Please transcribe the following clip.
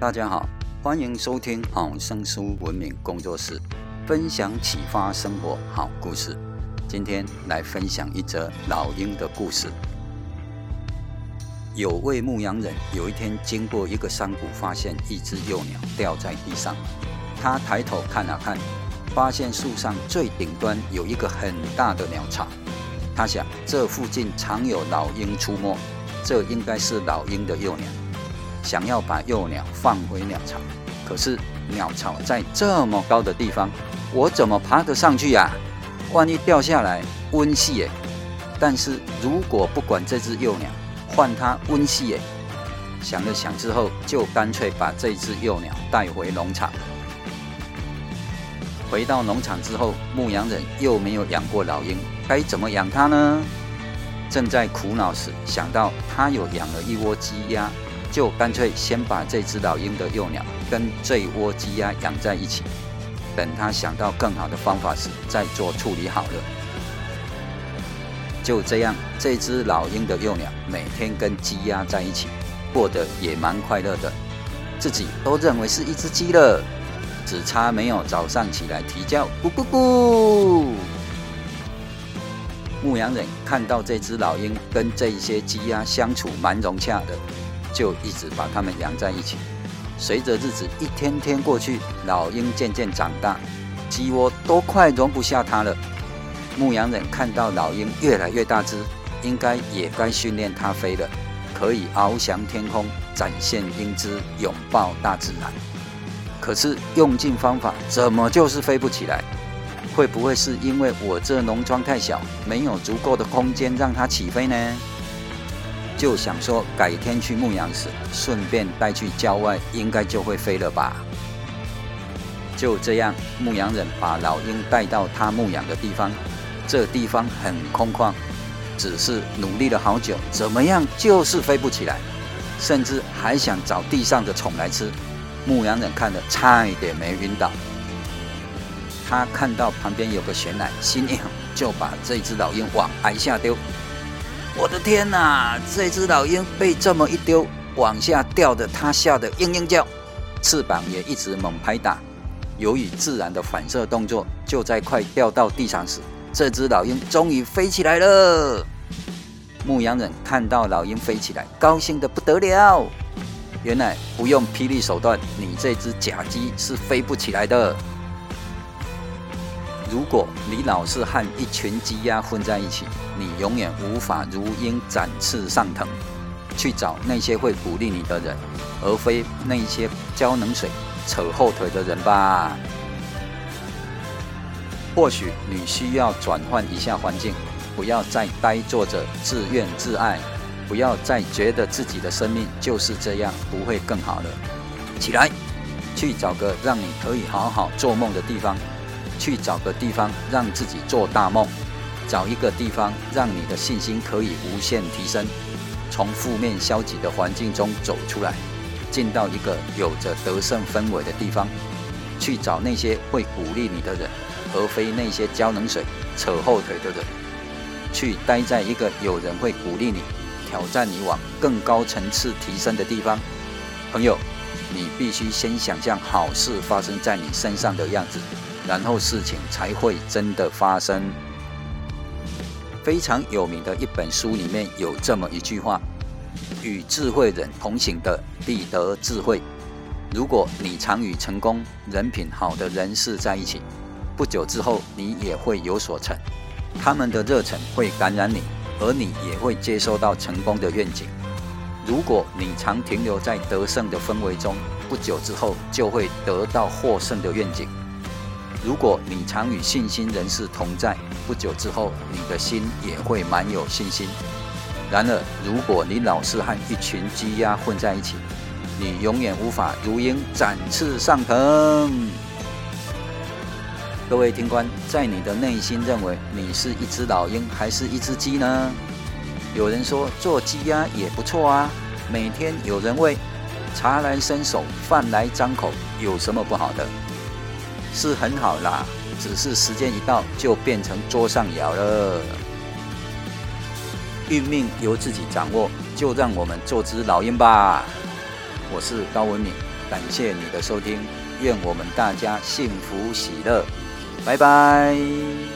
大家好，歡迎收聽好聲書文明工作室，分享啟發生活好故事。今天來分享一則老鷹的故事。有位牧羊人，有一天經過一個山谷，發現一隻幼鳥掉在地上。他抬頭看了看，發現樹上最頂端有一個很大的鳥巢。他想，這附近常有老鷹出沒，這應該是老鷹的幼鳥。想要把幼鳥放回鳥巢，可是鳥巢在這麼高的地方，我怎麼爬得上去呀、啊？萬一掉下來，溫戲誒！但是如果不管這隻幼鳥，換它溫戲誒！想了想之後，就乾脆把這隻幼鳥帶回農場。回到農場之後，牧羊人又沒有養過老鷹，該怎麼養它呢？正在苦惱時，想到他有養了一窩雞鴨。就乾脆先把這隻老鷹的幼鳥跟這窩雞鴨養在一起，等他想到更好的方法時再做處理好了。就這樣，這隻老鷹的幼鳥每天跟雞鴨在一起，過得也蠻快樂的，自己都認為是一隻雞了，只差沒有早上起來啼叫咕咕咕。牧羊人看到這隻老鷹跟這一些雞鴨相處蠻融洽的。就一直把它們養在一起。隨着日子一天天過去，老鷹漸漸長大，雞窩都快容不下它了。牧羊人看到老鷹越來越大只，應該也該訓練它飛了，可以翱翔天空，展現英姿，擁抱大自然。可是用盡方法，怎麼就是飛不起來？會不會是因為我這農莊太小，沒有足夠的空間讓它起飛呢？就想說改天去牧羊時，順便帶去郊外，應該就會飛了吧。就這樣，牧羊人把老鷹帶到他牧羊的地方，這地方很空曠，只是努力了好久，怎麼樣就是飛不起來，甚至還想找地上的蟲來吃。牧羊人看了差一點沒暈倒，他看到旁邊有個懸崖，心一狠，就把這隻老鷹往崖下丟。我的天吶、啊！這隻老鷹被這麼一丟，往下掉的，它嚇得嚶嚶叫，翅膀也一直猛拍打。由於自然的反射動作，就在快掉到地上時，這隻老鷹終於飛起來了。牧羊人看到老鷹飛起來，高興得不得了。原來不用霹靂手段，你這隻假雞是飛不起來的。如果你老是和一群雞鴨混在一起，你永遠無法如鷹展翅上騰。去找那些會鼓勵你的人，而非那些澆冷水、扯後腿的人吧。或許你需要轉換一下環境，不要再呆坐着自怨自艾，不要再覺得自己的生命就是這樣，不會更好了。起來，去找個讓你可以好好做夢的地方。去找個地方讓自己做大夢，找一個地方讓你的信心可以無限提升，從負面消極的環境中走出來，進到一個有着得勝氛圍的地方，去找那些會鼓勵你的人，而非那些澆冷水、扯後腿的人，去待在一個有人會鼓勵你、挑戰你往更高層次提升的地方。朋友，你必須先想象好事發生在你身上的樣子。然後事情才會真的發生。非常有名的一本書裡面有這麼一句話：“與智慧人同行的必得智慧。如果你常與成功、人品好的人士在一起，不久之後你也會有所成。他們的熱忱會感染你，而你也會接收到成功的願景。如果你常停留在得勝的氛圍中，不久之後就會得到獲勝的願景。”如果你常與信心人士同在，不久之後你的心也會滿有信心。然而，如果你老是和一群雞鴨混在一起，你永遠無法如鷹展翅上騰。各位聽官，在你的內心認為你是一隻老鷹還是一隻雞呢？有人說做雞鴨也不錯啊，每天有人餵，茶來伸手，飯來張口，有什麼不好的？是很好啦，只是時間一到就變成桌上肴了。運命由自己掌握，就讓我們做只老鷹吧。我是高文明，感謝你的收聽，願我們大家幸福喜樂，拜拜。